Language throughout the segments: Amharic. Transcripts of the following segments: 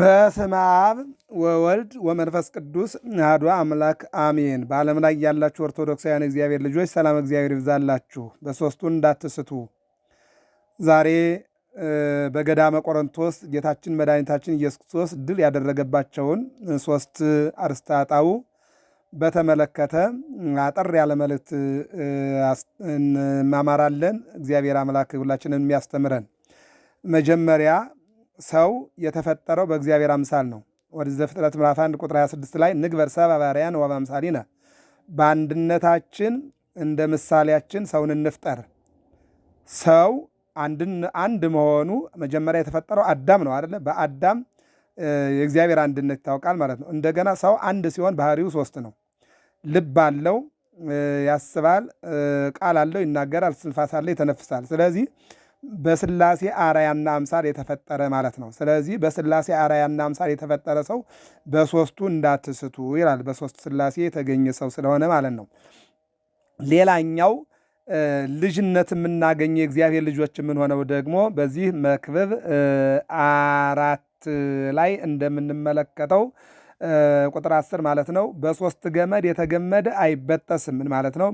በስመ አብ ወወልድ ወመንፈስ ቅዱስ አሐዱ አምላክ አሜን። በዓለም ላይ ያላችሁ ኦርቶዶክሳውያን እግዚአብሔር ልጆች ሰላም እግዚአብሔር ይብዛላችሁ። በሦስቱ እንዳትስቱ። ዛሬ በገዳመ ቆሮንቶስ ጌታችን መድኃኒታችን ኢየሱስ ክርስቶስ ድል ያደረገባቸውን ሦስት አርእስተ በተመለከተ አጠር ያለ መልእክት እንማማራለን። እግዚአብሔር አምላክ ሁላችንን የሚያስተምረን መጀመሪያ ሰው የተፈጠረው በእግዚአብሔር አምሳል ነው። ወደ ዘፍጥረት ምዕራፍ 1 ቁጥር 26 ላይ ንግበር ሰብአ በአርአያነ ወበአምሳሊነ፣ በአንድነታችን እንደ ምሳሌያችን ሰውን እንፍጠር። ሰው አንድ መሆኑ መጀመሪያ የተፈጠረው አዳም ነው አይደለ? በአዳም የእግዚአብሔር አንድነት ይታወቃል ማለት ነው። እንደገና ሰው አንድ ሲሆን ባህሪው ሶስት ነው። ልብ አለው፣ ያስባል፣ ቃል አለው፣ ይናገራል፣ ስንፋስ አለው፣ ይተነፍሳል። ስለዚህ በስላሴ አራያና አምሳል የተፈጠረ ማለት ነው። ስለዚህ በስላሴ አራያና አምሳል የተፈጠረ ሰው በሶስቱ እንዳትስቱ ይላል። በሶስት ስላሴ የተገኘ ሰው ስለሆነ ማለት ነው። ሌላኛው ልጅነት የምናገኘ የእግዚአብሔር ልጆች የምንሆነው ደግሞ በዚህ መክብብ አራት ላይ እንደምንመለከተው ቁጥር 10 ማለት ነው። በሶስት ገመድ የተገመደ አይበጠስም። ምን ማለት ነው?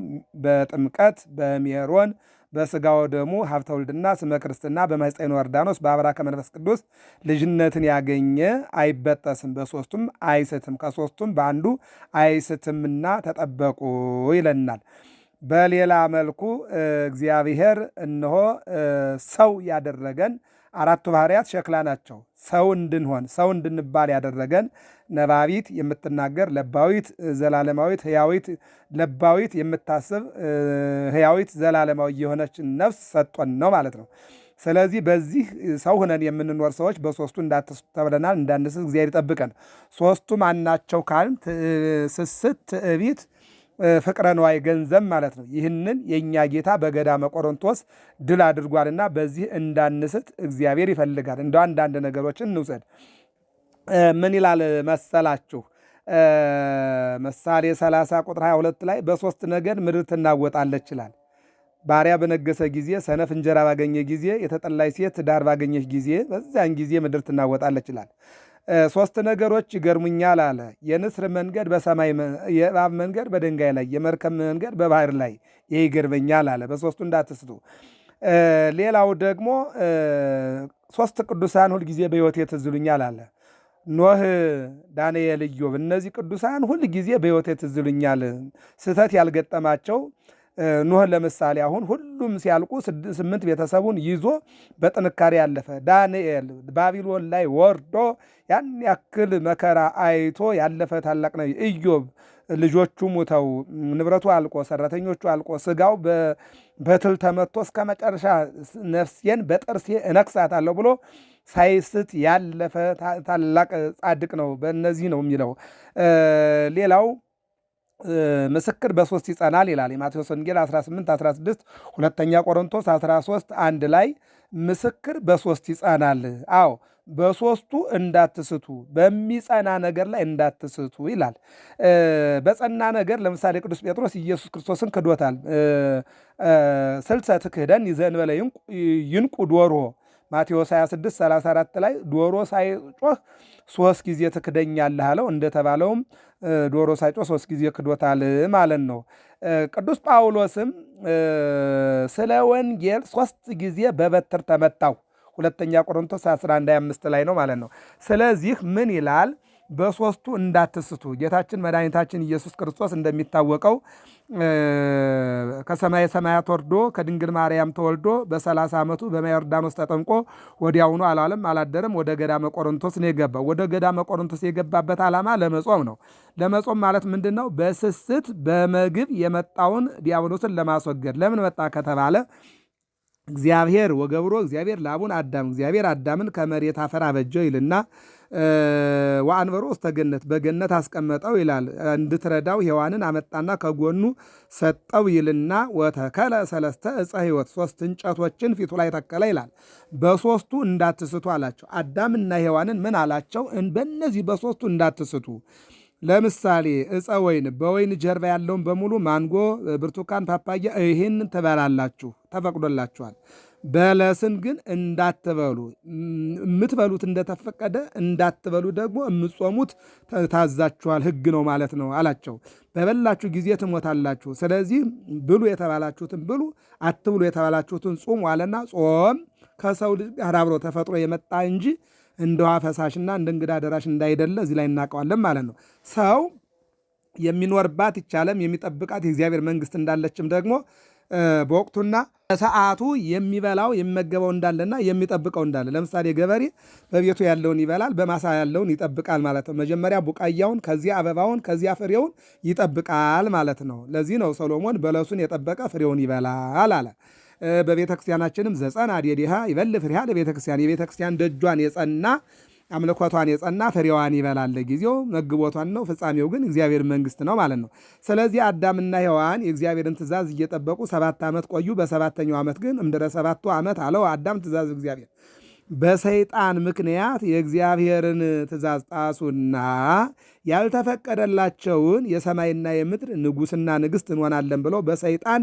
በጥምቀት በሜሮን በስጋ ወደሙ ሀብተ ውልድና ስመ ክርስትና በማኅፀነ ወርዳኖስ በአብራ ከመንፈስ ቅዱስ ልጅነትን ያገኘ አይበጠስም፣ በሶስቱም አይስትም፣ ከሶስቱም በአንዱ አይስትምና ተጠበቁ ይለናል። በሌላ መልኩ እግዚአብሔር እነሆ ሰው ያደረገን አራቱ ባህርያት ሸክላ ናቸው። ሰው እንድንሆን ሰው እንድንባል ያደረገን ነባቢት የምትናገር ለባዊት ዘላለማዊት ህያዊት ለባዊት የምታስብ ህያዊት ዘላለማዊ የሆነችን ነፍስ ሰጦን ነው ማለት ነው። ስለዚህ በዚህ ሰው ሁነን የምንኖር ሰዎች በሶስቱ እንዳትስቱ ተብለናል። እንዳንስስ እግዚአብሔር ይጠብቀን። ሶስቱ ማናቸው ካልን ስስት፣ ትዕቢት ፍቅረ ነዋይ ገንዘብ ማለት ነው። ይህንን የእኛ ጌታ በገዳመ ቆሮንቶስ ድል አድርጓልና በዚህ እንዳንስት እግዚአብሔር ይፈልጋል። እንደ አንዳንድ ነገሮችን እንውሰድ። ምን ይላል መሰላችሁ? ምሳሌ 30 ቁጥር 22 ላይ በሶስት ነገር ምድር ትናወጣለች ይላል። ባሪያ በነገሰ ጊዜ፣ ሰነፍ እንጀራ ባገኘ ጊዜ፣ የተጠላች ሴት ዳር ባገኘች ጊዜ፣ በዚያን ጊዜ ምድር ትናወጣለች ይላል። ሶስት ነገሮች ይገርሙኛል አለ። የንስር መንገድ በሰማይ የእባብ መንገድ በድንጋይ ላይ የመርከብ መንገድ በባህር ላይ ይህ ይገርመኛል አለ። በሶስቱ እንዳትስቱ። ሌላው ደግሞ ሶስት ቅዱሳን ሁልጊዜ በሕይወት ትዝሉኛል አለ። ኖህ፣ ዳንኤል፣ ኢዮብ እነዚህ ቅዱሳን ሁልጊዜ በሕይወት ትዝሉኛል ስህተት ያልገጠማቸው ኖህ ለምሳሌ አሁን ሁሉም ሲያልቁ ስምንት ቤተሰቡን ይዞ በጥንካሬ ያለፈ። ዳንኤል ባቢሎን ላይ ወርዶ ያን ያክል መከራ አይቶ ያለፈ ታላቅ ነው። እዮብ ልጆቹ ሙተው ንብረቱ አልቆ ሰራተኞቹ አልቆ ስጋው በትል ተመቶ እስከ መጨረሻ ነፍሴን በጥርሴ እነክሳታለሁ ብሎ ሳይስት ያለፈ ታላቅ ጻድቅ ነው። በእነዚህ ነው የሚለው ሌላው ምስክር በሶስት ይጸናል ይላል የማቴዎስ ወንጌል 18 16 ሁለተኛ ቆሮንቶስ 13 አንድ ላይ ምስክር በሶስት ይጸናል። አዎ በሶስቱ እንዳትስቱ በሚጸና ነገር ላይ እንዳትስቱ ይላል። በጸና ነገር ለምሳሌ ቅዱስ ጴጥሮስ ኢየሱስ ክርስቶስን ክዶታል። ስልሰ ትክህደን ይዘንበለ ይንቁ ዶሮ ማቴዎስ 26፥34 ላይ ዶሮ ሳይጮህ ሶስት ጊዜ ትክደኛለህ አለው። እንደተባለውም ዶሮ ሳይጮህ ሶስት ጊዜ ክዶታል ማለት ነው። ቅዱስ ጳውሎስም ስለ ወንጌል ሶስት ጊዜ በበትር ተመታው። ሁለተኛ ቆሮንቶስ 11 ላይ ነው ማለት ነው። ስለዚህ ምን ይላል? በሶስቱ እንዳትስቱ። ጌታችን መድኃኒታችን ኢየሱስ ክርስቶስ እንደሚታወቀው ከሰማይ ሰማያት ወርዶ ከድንግል ማርያም ተወልዶ በሰላሳ ዓመቱ በማዮርዳኖስ ተጠምቆ ወዲያውኑ አላለም አላደረም። ወደ ገዳመ ቆሮንቶስ ነው የገባው። ወደ ገዳመ ቆሮንቶስ የገባበት ዓላማ ለመጾም ነው። ለመጾም ማለት ምንድን ነው? በስስት በመግብ የመጣውን ዲያብሎስን ለማስወገድ። ለምን መጣ ከተባለ እግዚአብሔር ወገብሮ እግዚአብሔር ለአቡነ አዳም እግዚአብሔር አዳምን ከመሬት አፈር አበጀው ይልና ወአንበሮ ውስተ ገነት በገነት አስቀመጠው ይላል። እንድትረዳው ሔዋንን አመጣና ከጎኑ ሰጠው ይልና ወተከለ ሰለስተ ዕፀ ሕይወት ሶስት እንጨቶችን ፊቱ ላይ ተከለ ይላል። በሶስቱ እንዳትስቱ አላቸው። አዳምና ሔዋንን ምን አላቸው? በእነዚህ በሶስቱ እንዳትስቱ ለምሳሌ እፀ ወይን በወይን ጀርባ ያለውን በሙሉ ማንጎ፣ ብርቱካን፣ ፓፓያ ይህን ትበላላችሁ፣ ተፈቅዶላችኋል። በለስን ግን እንዳትበሉ የምትበሉት እንደተፈቀደ እንዳትበሉ ደግሞ የምትጾሙት ታዛችኋል፣ ሕግ ነው ማለት ነው አላቸው። በበላችሁ ጊዜ ትሞታላችሁ። ስለዚህ ብሉ የተባላችሁትን ብሉ፣ አትብሉ የተባላችሁትን ጹሙ አለና ጾም ከሰው ልጅ ጋር አብሮ ተፈጥሮ የመጣ እንጂ እንደ ውሃ ፈሳሽና እንደ እንግዳ ደራሽ እንዳይደለ እዚህ ላይ እናውቀዋለን ማለት ነው ሰው የሚኖርባት ይቻለም የሚጠብቃት የእግዚአብሔር መንግስት እንዳለችም ደግሞ በወቅቱና ሰዓቱ የሚበላው የሚመገበው እንዳለና የሚጠብቀው እንዳለ። ለምሳሌ ገበሬ በቤቱ ያለውን ይበላል፣ በማሳ ያለውን ይጠብቃል ማለት ነው። መጀመሪያ ቡቃያውን፣ ከዚያ አበባውን፣ ከዚያ ፍሬውን ይጠብቃል ማለት ነው። ለዚህ ነው ሰሎሞን በለሱን የጠበቀ ፍሬውን ይበላል አለ። በቤተክርስቲያናችንም ዘጸና ዴዴሃ ይበል ፍሬሃ ለቤተክርስቲያን የቤተክርስቲያን ደጇን የጸና አምልኮቷን የጸና ፍሬዋን ይበላል። ለጊዜው መግቦቷን ነው፣ ፍጻሜው ግን እግዚአብሔር መንግስት ነው ማለት ነው። ስለዚህ አዳምና ሔዋን የእግዚአብሔርን ትእዛዝ እየጠበቁ ሰባት ዓመት ቆዩ። በሰባተኛው ዓመት ግን እምድረ ሰባቱ ዓመት አለው አዳም ትእዛዝ እግዚአብሔር በሰይጣን ምክንያት የእግዚአብሔርን ትእዛዝ ጣሱና ያልተፈቀደላቸውን የሰማይና የምድር ንጉሥና ንግሥት እንሆናለን ብለው በሰይጣን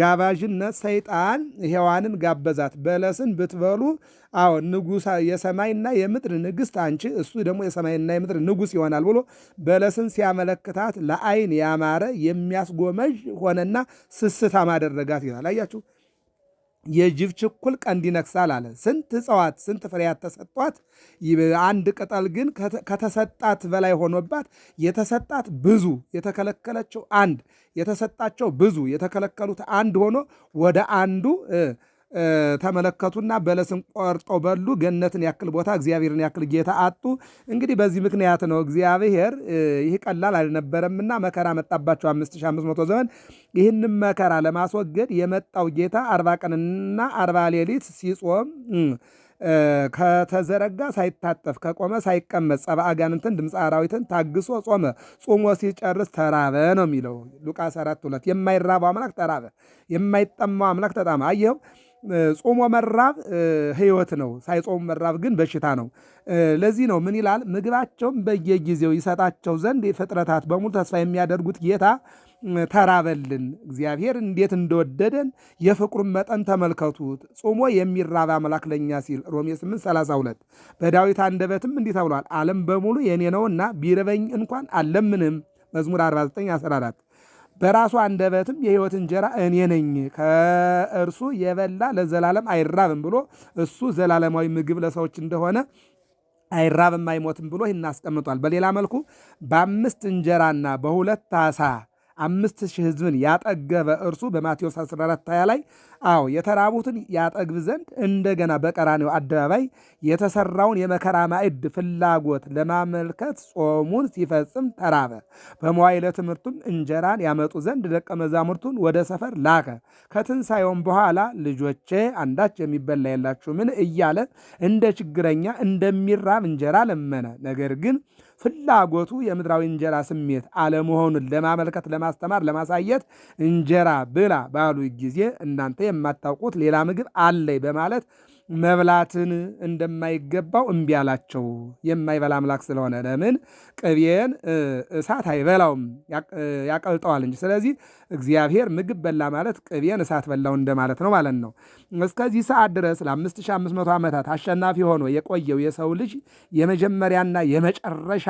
ጋባዥነት ሰይጣን ሔዋንን ጋበዛት። በለስን ብትበሉ አዎ ንጉሳ የሰማይና የምድር ንግሥት አንቺ፣ እሱ ደግሞ የሰማይና የምድር ንጉሥ ይሆናል ብሎ በለስን ሲያመለክታት ለአይን ያማረ የሚያስጎመዥ ሆነና ስስታም አደረጋት ይላል። አያችሁ። የጅብ ችኩል ቀንድ ይነክሳል አለ። ስንት እጽዋት ስንት ፍሬያት ተሰጧት፣ አንድ ቅጠል ግን ከተሰጣት በላይ ሆኖባት፣ የተሰጣት ብዙ የተከለከለችው አንድ፣ የተሰጣቸው ብዙ የተከለከሉት አንድ ሆኖ ወደ አንዱ ተመለከቱና በለስን ቆርጠው በሉ። ገነትን ያክል ቦታ እግዚአብሔርን ያክል ጌታ አጡ። እንግዲህ በዚህ ምክንያት ነው እግዚአብሔር ይህ ቀላል አልነበረምና መከራ መጣባቸው 5500 ዘመን። ይህንም መከራ ለማስወገድ የመጣው ጌታ አርባ ቀንና አርባ ሌሊት ሲጾም ከተዘረጋ ሳይታጠፍ ከቆመ ሳይቀመጥ ጸብአ አጋንንትን ድምፀ አራዊትን ታግሶ ጾመ። ጾሞ ሲጨርስ ተራበ ነው የሚለው ሉቃስ 4 ሁለት የማይራበው አምላክ ተራበ፣ የማይጠማው አምላክ ተጣማ። አየኸው ጾሞ መራብ ህይወት ነው፣ ሳይጾሙ መራብ ግን በሽታ ነው። ለዚህ ነው ምን ይላል? ምግባቸውን በየጊዜው ይሰጣቸው ዘንድ ፍጥረታት በሙሉ ተስፋ የሚያደርጉት ጌታ ተራበልን። እግዚአብሔር እንዴት እንደወደደን የፍቅሩን መጠን ተመልከቱት። ጾሞ የሚራብ አምላክ ለእኛ ሲል ሮሜ 8:32 በዳዊት አንደበትም እንዲህ ተብሏል፣ ዓለም በሙሉ የኔ ነውና ቢርበኝ እንኳን አለምንም መዝሙር 49:14 በራሱ አንደበትም የህይወት እንጀራ እኔ ነኝ፣ ከእርሱ የበላ ለዘላለም አይራብም ብሎ እሱ ዘላለማዊ ምግብ ለሰዎች እንደሆነ አይራብም አይሞትም ብሎ ይናስቀምጧል። በሌላ መልኩ በአምስት እንጀራና በሁለት አሳ። አምስት ሺህ ህዝብን ያጠገበ እርሱ በማቴዎስ 14 20 ላይ አዎ የተራቡትን ያጠግብ ዘንድ እንደገና በቀራኔው አደባባይ የተሰራውን የመከራ ማዕድ ፍላጎት ለማመልከት ጾሙን ሲፈጽም ተራበ። በመዋይለ ትምህርቱም እንጀራን ያመጡ ዘንድ ደቀ መዛሙርቱን ወደ ሰፈር ላከ። ከትንሣኤውም በኋላ ልጆቼ አንዳች የሚበላ ምን እያለ እንደ ችግረኛ እንደሚራብ እንጀራ ለመነ። ነገር ግን ፍላጎቱ የምድራዊ እንጀራ ስሜት አለመሆኑን ለማመልከት፣ ለማስተማር፣ ለማሳየት እንጀራ ብላ ባሉ ጊዜ እናንተ የማታውቁት ሌላ ምግብ አለይ በማለት መብላትን እንደማይገባው እምቢ አላቸው። የማይበላ አምላክ ስለሆነ ለምን ቅቤን እሳት አይበላውም ያቀልጠዋል እንጂ። ስለዚህ እግዚአብሔር ምግብ በላ ማለት ቅቤን እሳት በላው እንደማለት ነው ማለት ነው። እስከዚህ ሰዓት ድረስ ለ5500 ዓመታት አሸናፊ ሆኖ የቆየው የሰው ልጅ የመጀመሪያና የመጨረሻ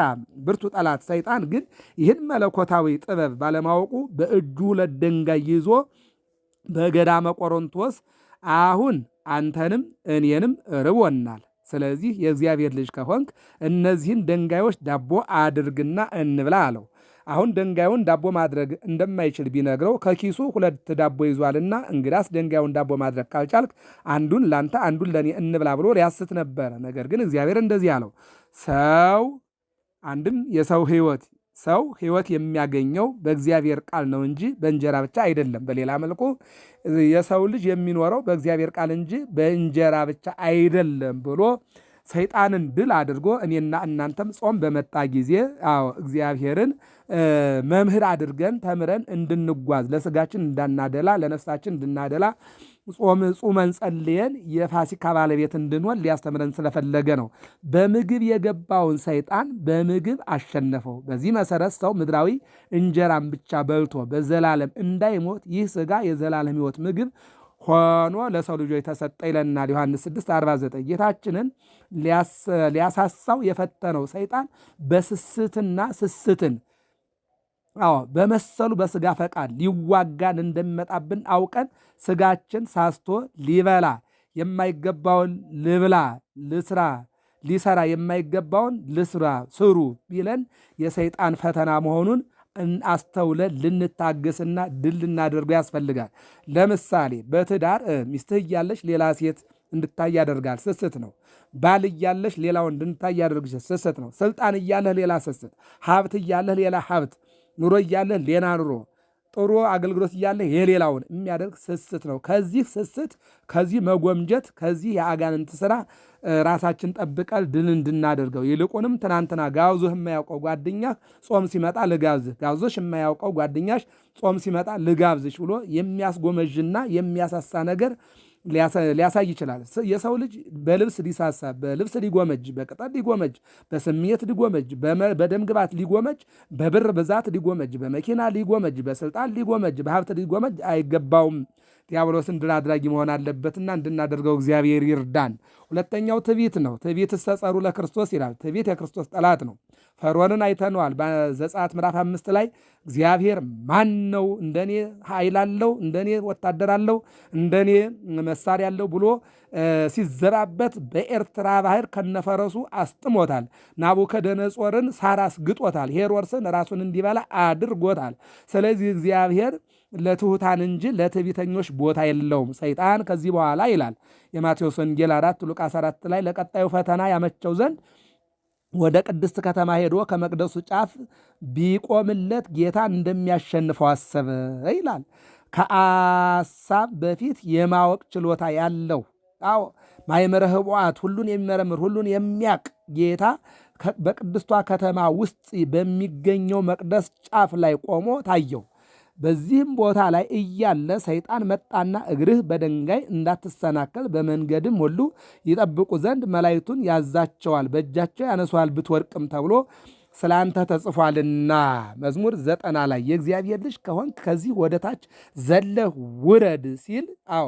ብርቱ ጠላት ሰይጣን ግን ይህን መለኮታዊ ጥበብ ባለማወቁ በእጁ ሁለት ድንጋይ ይዞ በገዳመ ቆሮንቶስ አሁን አንተንም እኔንም ርቦናል። ስለዚህ የእግዚአብሔር ልጅ ከሆንክ እነዚህን ድንጋዮች ዳቦ አድርግና እንብላ አለው። አሁን ድንጋዩን ዳቦ ማድረግ እንደማይችል ቢነግረው ከኪሱ ሁለት ዳቦ ይዟልና እንግዳስ ድንጋዩን ዳቦ ማድረግ ካልቻልክ አንዱን ላንተ አንዱን ለእኔ እንብላ ብሎ ሊያስት ነበረ። ነገር ግን እግዚአብሔር እንደዚህ አለው፣ ሰው አንድም የሰው ሕይወት ሰው ሕይወት የሚያገኘው በእግዚአብሔር ቃል ነው እንጂ በእንጀራ ብቻ አይደለም። በሌላ መልኩ የሰው ልጅ የሚኖረው በእግዚአብሔር ቃል እንጂ በእንጀራ ብቻ አይደለም ብሎ ሰይጣንን ድል አድርጎ እኔና እናንተም ጾም በመጣ ጊዜ አዎ እግዚአብሔርን መምህር አድርገን ተምረን እንድንጓዝ ለስጋችን እንዳናደላ ለነፍሳችን እንድናደላ ጾም ጹመን ጸልየን የፋሲካ ባለቤት እንድንሆን ሊያስተምረን ስለፈለገ ነው። በምግብ የገባውን ሰይጣን በምግብ አሸነፈው። በዚህ መሰረት ሰው ምድራዊ እንጀራን ብቻ በልቶ በዘላለም እንዳይሞት ይህ ስጋ የዘላለም ሕይወት ምግብ ሆኖ ለሰው ልጆች ተሰጠ ይለናል ዮሐንስ 6:49 ጌታችንን ሊያሳሳው የፈተነው ሰይጣን በስስትና ስስትን አዎ በመሰሉ በስጋ ፈቃድ ሊዋጋን እንደሚመጣብን አውቀን ስጋችን ሳስቶ ሊበላ የማይገባውን ልብላ ልስራ ሊሰራ የማይገባውን ልስራ ስሩ ቢለን የሰይጣን ፈተና መሆኑን አስተውለን ልንታገስና ድል ልናደርገው ያስፈልጋል። ለምሳሌ በትዳር ሚስትህ እያለች ሌላ ሴት እንድታይ ያደርጋል፣ ስስት ነው። ባል እያለሽ ሌላ ወንድ እንድታይ ያደርግሽ፣ ስስት ነው። ስልጣን እያለህ ሌላ ስስት፣ ሀብት እያለህ ሌላ ሀብት፣ ኑሮ እያለህ ሌላ ኑሮ ጥሩ አገልግሎት እያለ የሌላውን የሚያደርግ ስስት ነው። ከዚህ ስስት፣ ከዚህ መጎምጀት፣ ከዚህ የአጋንንት ስራ ራሳችን ጠብቀል ድል እንድናደርገው ይልቁንም ትናንትና ጋብዞህ የማያውቀው ጓደኛህ ጾም ሲመጣ ልጋብዝህ፣ ጋብዞሽ የማያውቀው ጓደኛሽ ጾም ሲመጣ ልጋብዝሽ ብሎ የሚያስጎመዥና የሚያሳሳ ነገር ሊያሳይ ይችላል። የሰው ልጅ በልብስ ሊሳሳ፣ በልብስ ሊጎመጅ፣ በቅጠል ሊጎመጅ፣ በስሜት ሊጎመጅ፣ በደም ግባት ሊጎመጅ፣ በብር ብዛት ሊጎመጅ፣ በመኪና ሊጎመጅ፣ በስልጣን ሊጎመጅ፣ በሀብት ሊጎመጅ አይገባውም። ዲያብሎስን ድል አድራጊ መሆን አለበትና እንድናደርገው እግዚአብሔር ይርዳን። ሁለተኛው ትዕቢት ነው። ትዕቢት እስተጸሩ ለክርስቶስ ይላል። ትዕቢት የክርስቶስ ጠላት ነው። ፈርዖንን አይተነዋል። ዘጸአት ምዕራፍ አምስት ላይ እግዚአብሔር ማን ነው እንደኔ ኃይል አለው እንደኔ ወታደር አለው እንደኔ መሳሪያ አለው ብሎ ሲዘባበት በኤርትራ ባህር ከነፈረሱ አስጥሞታል። ናቡከደነጾርን ሳር አስግጦታል። ሄሮድስን ራሱን እንዲበላ አድርጎታል። ስለዚህ እግዚአብሔር ለትሑታን እንጂ ለትዕቢተኞች ቦታ የለውም። ሰይጣን ከዚህ በኋላ ይላል የማቴዎስ ወንጌል አራት ሉቃስ አራት ላይ ለቀጣዩ ፈተና ያመቸው ዘንድ ወደ ቅድስት ከተማ ሄዶ ከመቅደሱ ጫፍ ቢቆምለት ጌታ እንደሚያሸንፈው አሰበ ይላል። ከአሳብ በፊት የማወቅ ችሎታ ያለው አዎ፣ ማይመረ ህቡዓት ሁሉን የሚመረምር ሁሉን የሚያቅ ጌታ በቅድስቷ ከተማ ውስጥ በሚገኘው መቅደስ ጫፍ ላይ ቆሞ ታየው። በዚህም ቦታ ላይ እያለ ሰይጣን መጣና እግርህ በድንጋይ እንዳትሰናከል በመንገድም ሁሉ ይጠብቁ ዘንድ መላይቱን ያዛቸዋል፣ በእጃቸው ያነሷል፣ ብትወርቅም ተብሎ ስለ አንተ ተጽፏልና። መዝሙር ዘጠና ላይ የእግዚአብሔር ልጅ ከሆንክ ከዚህ ወደ ታች ዘለህ ውረድ ሲል አዎ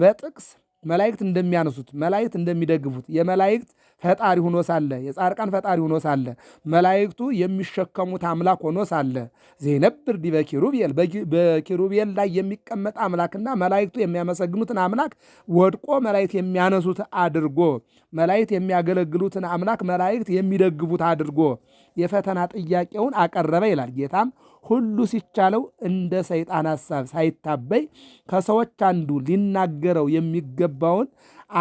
በጥቅስ መላእክት እንደሚያነሱት መላእክት እንደሚደግፉት የመላእክት ፈጣሪ ሆኖ ሳለ የጻርቃን ፈጣሪ ሆኖ ሳለ መላእክቱ የሚሸከሙት አምላክ ሆኖ ሳለ ዘይነብር ዲበ ኪሩቤል በኪሩቤል ላይ የሚቀመጥ አምላክና መላእክቱ የሚያመሰግኑትን አምላክ ወድቆ መላእክት የሚያነሱት አድርጎ መላእክት የሚያገለግሉትን አምላክ መላእክት የሚደግፉት አድርጎ የፈተና ጥያቄውን አቀረበ ይላል። ጌታም ሁሉ ሲቻለው እንደ ሰይጣን ሐሳብ ሳይታበይ ከሰዎች አንዱ ሊናገረው የሚገባውን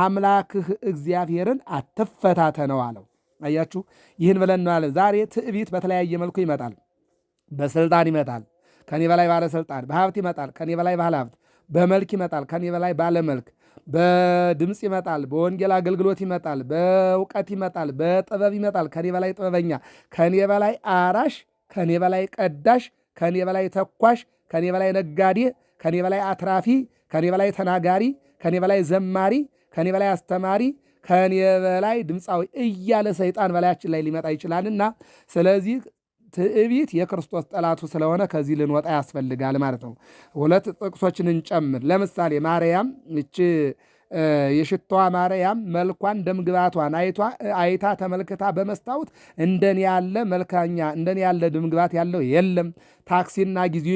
አምላክህ እግዚአብሔርን አትፈታተነው አለው። አያችሁ፣ ይህን ብለን አለ። ዛሬ ትዕቢት በተለያየ መልኩ ይመጣል። በስልጣን ይመጣል፣ ከኔ በላይ ባለስልጣን። በሀብት ይመጣል፣ ከኔ በላይ ባለ ሀብት። በመልክ ይመጣል፣ ከኔ በላይ ባለመልክ። በድምፅ ይመጣል፣ በወንጌል አገልግሎት ይመጣል፣ በእውቀት ይመጣል፣ በጥበብ ይመጣል። ከኔ በላይ ጥበበኛ፣ ከኔ በላይ አራሽ፣ ከኔ በላይ ቀዳሽ፣ ከኔ በላይ ተኳሽ፣ ከኔ በላይ ነጋዴ፣ ከኔ በላይ አትራፊ፣ ከኔ በላይ ተናጋሪ፣ ከኔ በላይ ዘማሪ ከኔ በላይ አስተማሪ፣ ከኔ በላይ ድምፃዊ እያለ ሰይጣን በላያችን ላይ ሊመጣ ይችላልና ስለዚህ ትዕቢት የክርስቶስ ጠላቱ ስለሆነ ከዚህ ልንወጣ ያስፈልጋል ማለት ነው። ሁለት ጥቅሶችን እንጨምር። ለምሳሌ ማርያም እች የሽታዋ ማርያም መልኳን ደምግባቷን አይታ ተመልክታ በመስታወት እንደኔ ያለ መልካኛ እንደኔ ያለ ደምግባት ያለው የለም፣ ታክሲና ጊዜ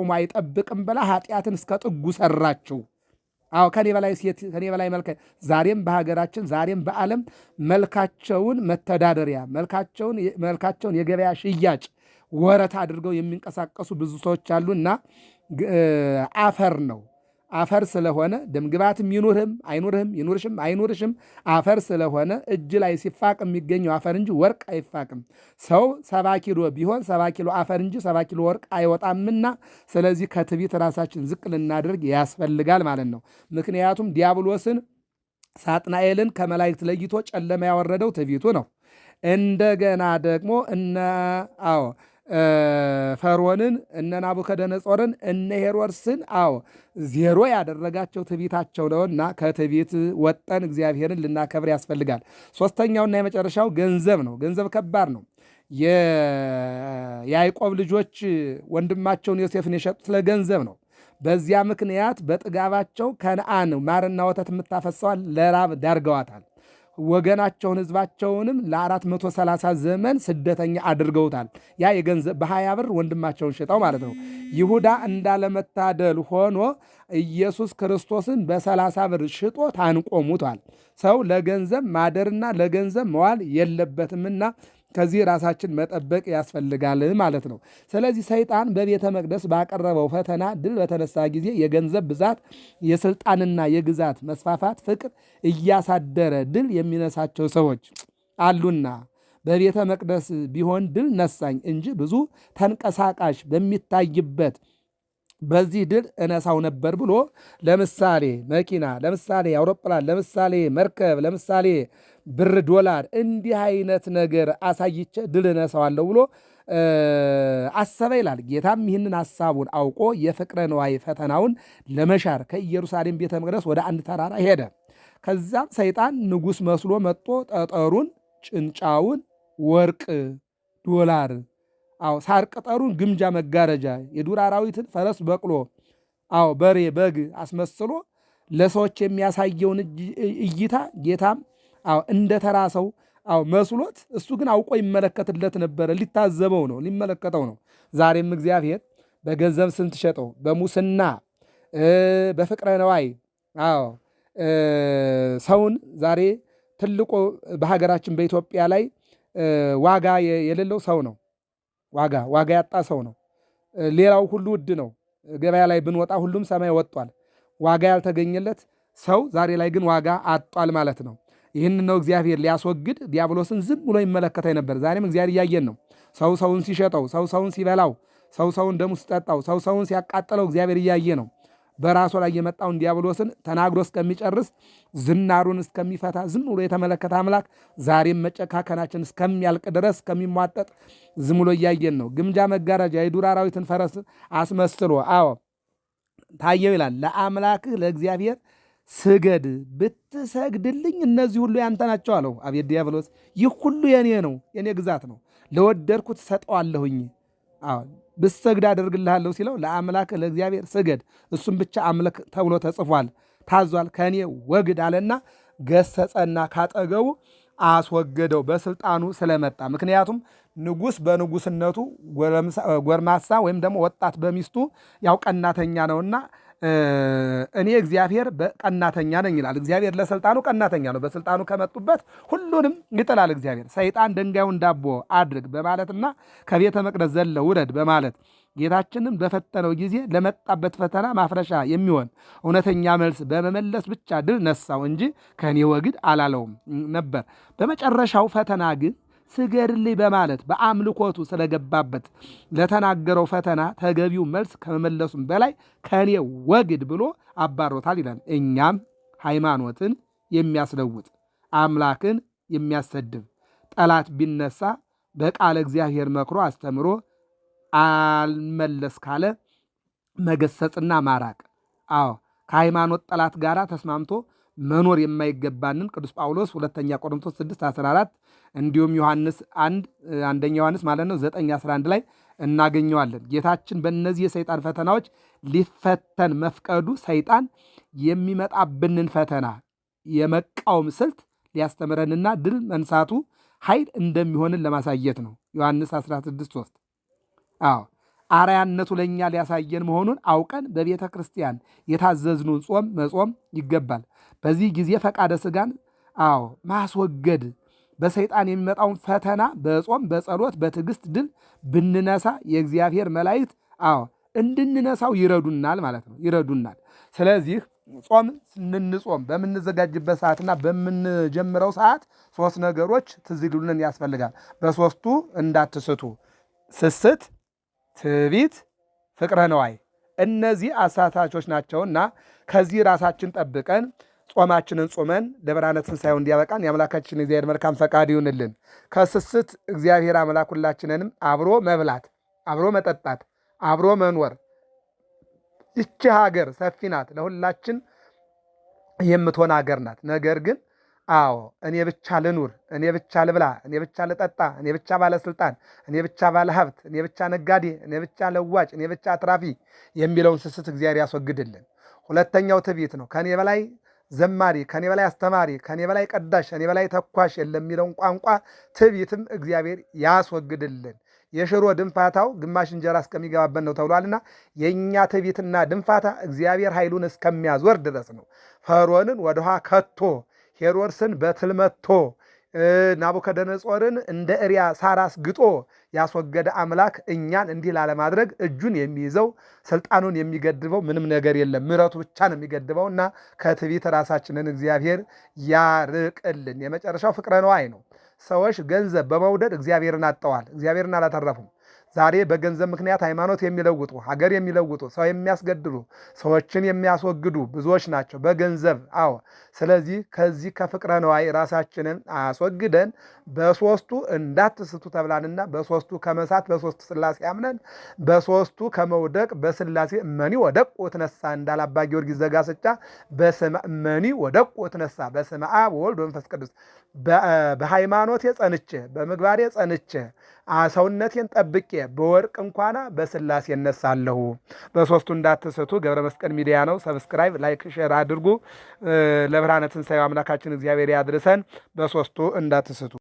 ቁሞ አይጠብቅም ብላ ኃጢአትን እስከ ጥጉ ሰራችው። አዎ ከኔ በላይ ሴት ከኔ በላይ መልከ ዛሬም በሀገራችን ዛሬም በዓለም መልካቸውን መተዳደሪያ መልካቸውን መልካቸውን የገበያ ሽያጭ ወረት አድርገው የሚንቀሳቀሱ ብዙ ሰዎች እና አፈር ነው። አፈር ስለሆነ ደምግባትም ይኑርህም አይኑርህም ይኑርሽም አይኑርሽም አፈር ስለሆነ እጅ ላይ ሲፋቅ የሚገኘው አፈር እንጂ ወርቅ አይፋቅም። ሰው ሰባ ኪሎ ቢሆን ሰባ ኪሎ አፈር እንጂ ሰባ ኪሎ ወርቅ አይወጣምና፣ ስለዚህ ከትቢት ራሳችን ዝቅ ልናደርግ ያስፈልጋል ማለት ነው። ምክንያቱም ዲያብሎስን ሳጥናኤልን ከመላእክት ለይቶ ጨለማ ያወረደው ትቢቱ ነው። እንደገና ደግሞ እነ አዎ ፈርዖንን እነ ናቡከደነጾርን እነ ሄሮድስን አዎ ዜሮ ያደረጋቸው ትዕቢታቸው ነውና ከትዕቢት ወጠን እግዚአብሔርን ልናከብር ያስፈልጋል። ሶስተኛውና የመጨረሻው ገንዘብ ነው። ገንዘብ ከባድ ነው። የያዕቆብ ልጆች ወንድማቸውን ዮሴፍን የሸጡት ለገንዘብ ነው። በዚያ ምክንያት በጥጋባቸው ከነዓን ማርና ወተት የምታፈሰዋል ለራብ ዳርገዋታል። ወገናቸውን ህዝባቸውንም ለ መቶ ዘመን ስደተኛ አድርገውታል። ያ የገንዘብ በሀያ ብር ወንድማቸውን ሽጠው ማለት ነው። ይሁዳ እንዳለመታደል ሆኖ ኢየሱስ ክርስቶስን በሰላሳ ብር ሽጦ ታንቆ ሙቷል። ሰው ለገንዘብ ማደርና ለገንዘብ መዋል የለበትምና ከዚህ ራሳችን መጠበቅ ያስፈልጋል ማለት ነው። ስለዚህ ሰይጣን በቤተ መቅደስ ባቀረበው ፈተና ድል በተነሳ ጊዜ የገንዘብ ብዛት፣ የስልጣንና የግዛት መስፋፋት ፍቅር እያሳደረ ድል የሚነሳቸው ሰዎች አሉና በቤተ መቅደስ ቢሆን ድል ነሳኝ እንጂ ብዙ ተንቀሳቃሽ በሚታይበት በዚህ ድል እነሳው ነበር ብሎ ለምሳሌ መኪና፣ ለምሳሌ አውሮፕላን፣ ለምሳሌ መርከብ፣ ለምሳሌ ብር፣ ዶላር እንዲህ አይነት ነገር አሳይቼ ድል እነሳዋለሁ ብሎ አሰበ ይላል። ጌታም ይህንን ሐሳቡን አውቆ የፍቅረ ነዋይ ፈተናውን ለመሻር ከኢየሩሳሌም ቤተ መቅደስ ወደ አንድ ተራራ ሄደ። ከዛም ሰይጣን ንጉሥ መስሎ መጥቶ ጠጠሩን፣ ጭንጫውን፣ ወርቅ፣ ዶላር፣ አዎ ሳር ቅጠሩን፣ ግምጃ፣ መጋረጃ፣ የዱር አራዊትን፣ ፈረስ፣ በቅሎ፣ አዎ በሬ፣ በግ አስመስሎ ለሰዎች የሚያሳየውን እይታ ጌታም አዎ እንደ ተራ ሰው አዎ መስሎት፣ እሱ ግን አውቆ ይመለከትለት ነበረ። ሊታዘበው ነው፣ ሊመለከተው ነው። ዛሬም እግዚአብሔር በገንዘብ ስንትሸጠው፣ በሙስና በፍቅረ ነዋይ አዎ ሰውን ዛሬ ትልቁ በሀገራችን በኢትዮጵያ ላይ ዋጋ የሌለው ሰው ነው። ዋጋ ዋጋ ያጣ ሰው ነው። ሌላው ሁሉ ውድ ነው። ገበያ ላይ ብንወጣ ሁሉም ሰማይ ወጥቷል። ዋጋ ያልተገኘለት ሰው ዛሬ ላይ ግን ዋጋ አጧል ማለት ነው። ይህን ነው እግዚአብሔር ሊያስወግድ ዲያብሎስን ዝም ብሎ ይመለከታይ ነበር። ዛሬም እግዚአብሔር እያየን ነው። ሰው ሰውን ሲሸጠው፣ ሰው ሰውን ሲበላው፣ ሰው ሰውን ደሙ ሲጠጣው፣ ሰው ሰውን ሲያቃጥለው እግዚአብሔር እያየ ነው። በራሱ ላይ የመጣውን ዲያብሎስን ተናግሮ እስከሚጨርስ ዝናሩን እስከሚፈታ ዝም ብሎ የተመለከተ አምላክ ዛሬም መጨካከናችን እስከሚያልቅ ድረስ እስከሚሟጠጥ ዝም ብሎ እያየን ነው። ግምጃ መጋረጃ የዱር አራዊትን ፈረስ አስመስሎ አዎ ታየው ይላል ለአምላክህ ለእግዚአብሔር ስገድ ብትሰግድልኝ እነዚህ ሁሉ ያንተ ናቸው አለው። አቤት ዲያብሎስ፣ ይህ ሁሉ የኔ ነው፣ የኔ ግዛት ነው፣ ለወደድኩት ሰጠዋለሁኝ፣ ብሰግድ አደርግልሃለሁ ሲለው ለአምላክ ለእግዚአብሔር ስገድ፣ እሱም ብቻ አምልክ ተብሎ ተጽፏል፣ ታዟል፣ ከእኔ ወግድ አለና ገሰጸና ካጠገቡ አስወገደው በስልጣኑ ስለመጣ። ምክንያቱም ንጉሥ በንጉሥነቱ ጎርማሳ ወይም ደግሞ ወጣት በሚስቱ ያው ቀናተኛ ነውና እኔ እግዚአብሔር ቀናተኛ ነኝ ይላል። እግዚአብሔር ለስልጣኑ ቀናተኛ ነው። በስልጣኑ ከመጡበት ሁሉንም ይጥላል። እግዚአብሔር ሰይጣን ድንጋዩን ዳቦ አድርግ በማለትና ከቤተ መቅደስ ዘለ ውረድ በማለት ጌታችንም በፈተነው ጊዜ ለመጣበት ፈተና ማፍረሻ የሚሆን እውነተኛ መልስ በመመለስ ብቻ ድል ነሳው እንጂ ከእኔ ወግድ አላለውም ነበር። በመጨረሻው ፈተና ግን ስገድልኝ በማለት በአምልኮቱ ስለገባበት ለተናገረው ፈተና ተገቢው መልስ ከመመለሱም በላይ ከእኔ ወግድ ብሎ አባሮታል ይላል። እኛም ሃይማኖትን የሚያስለውጥ አምላክን የሚያሰድብ ጠላት ቢነሳ በቃለ እግዚአብሔር መክሮ አስተምሮ አልመለስ ካለ መገሰጽና ማራቅ። አዎ ከሃይማኖት ጠላት ጋር ተስማምቶ መኖር የማይገባንን ቅዱስ ጳውሎስ ሁለተኛ ቆሮንቶስ 6 14 እንዲሁም ዮሐንስ አንድ አንደኛ ዮሐንስ ማለት ነው 9 11 ላይ እናገኘዋለን። ጌታችን በእነዚህ የሰይጣን ፈተናዎች ሊፈተን መፍቀዱ ሰይጣን የሚመጣብንን ፈተና የመቃወም ስልት ሊያስተምረንና ድል መንሳቱ ኃይል እንደሚሆንን ለማሳየት ነው። ዮሐንስ 16 3 አዎ አርያነቱ ለእኛ ሊያሳየን መሆኑን አውቀን በቤተ ክርስቲያን የታዘዝኑን ጾም መጾም ይገባል። በዚህ ጊዜ ፈቃደ ስጋን አዎ ማስወገድ በሰይጣን የሚመጣውን ፈተና በጾም በጸሎት በትዕግስት ድል ብንነሳ የእግዚአብሔር መላእክት አዎ እንድንነሳው ይረዱናል ማለት ነው፣ ይረዱናል። ስለዚህ ጾም ስንንጾም በምንዘጋጅበት ሰዓትና በምንጀምረው ሰዓት ሶስት ነገሮች ትዝ ያስፈልጋል። በሶስቱ እንዳትስቱ ስስት ትዕቢት፣ ፍቅረ ነዋይ እነዚህ አሳታቾች ናቸውና ከዚህ ራሳችን ጠብቀን ጾማችንን ጾመን ለብርሃነ ትንሣኤው እንዲያበቃን የአምላካችን እግዚአብሔር መልካም ፈቃድ ይሁንልን። ከስስት እግዚአብሔር አምላክ ሁላችንንም አብሮ መብላት፣ አብሮ መጠጣት፣ አብሮ መኖር። ይቺ ሀገር ሰፊ ናት፣ ለሁላችን የምትሆን ሀገር ናት። ነገር ግን አዎ እኔ ብቻ ልኑር፣ እኔ ብቻ ልብላ፣ እኔ ብቻ ልጠጣ፣ እኔ ብቻ ባለስልጣን፣ እኔ ብቻ ባለሀብት፣ እኔ ብቻ ነጋዴ፣ እኔ ብቻ ለዋጭ፣ እኔ ብቻ አትራፊ የሚለውን ስስት እግዚአብሔር ያስወግድልን። ሁለተኛው ትዕቢት ነው። ከኔ በላይ ዘማሪ፣ ከኔ በላይ አስተማሪ፣ ከኔ በላይ ቀዳሽ፣ ከኔ በላይ ተኳሽ የለም የሚለውን ቋንቋ ትዕቢትም እግዚአብሔር ያስወግድልን። የሽሮ ድንፋታው ግማሽ እንጀራ እስከሚገባበት ነው ተብሏልና የእኛ ትዕቢትና ድንፋታ እግዚአብሔር ኃይሉን እስከሚያዞር ድረስ ነው። ፈርዖንን ውሃ ከቶ ሄሮድስን በትልመቶ ናቡከደነጾርን እንደ እሪያ ሳራስ ግጦ ያስወገደ አምላክ እኛን እንዲህ ላለማድረግ እጁን የሚይዘው ስልጣኑን የሚገድበው ምንም ነገር የለም። ምረቱ ብቻ ነው የሚገድበው እና ከትዕቢት ራሳችንን እግዚአብሔር ያርቅልን። የመጨረሻው ፍቅረ ነዋይ ነው። ሰዎች ገንዘብ በመውደድ እግዚአብሔርን አጠዋል። እግዚአብሔርን አላተረፉም። ዛሬ በገንዘብ ምክንያት ሃይማኖት የሚለውጡ ሀገር የሚለውጡ ሰው የሚያስገድሉ ሰዎችን የሚያስወግዱ ብዙዎች ናቸው በገንዘብ አዎ ስለዚህ ከዚህ ከፍቅረ ነዋይ ራሳችንን አስወግደን በሶስቱ እንዳትስቱ ተብላንና በሶስቱ ከመሳት በሶስቱ ስላሴ አምነን በሶስቱ ከመውደቅ በስላሴ እመኒ ወደቁ ወትነሳ እንዳለ አባ ጊዮርጊስ ዘጋስጫ በስመ እመኒ ወደቁ ወትነሳ በስመ አብ ወወልድ ወመንፈስ ቅዱስ በሃይማኖት የጸንቼ በምግባር የጸንቼ ሰውነቴን ጠብቄ በወርቅ እንኳና በስላሴ እነሳለሁ። በሶስቱ እንዳትስቱ። ገብረ መስቀል ሚዲያ ነው። ሰብስክራይብ፣ ላይክ፣ ሼር አድርጉ። ለብርሃነ ትንሣኤው አምላካችን እግዚአብሔር ያድርሰን። በሶስቱ እንዳትስቱ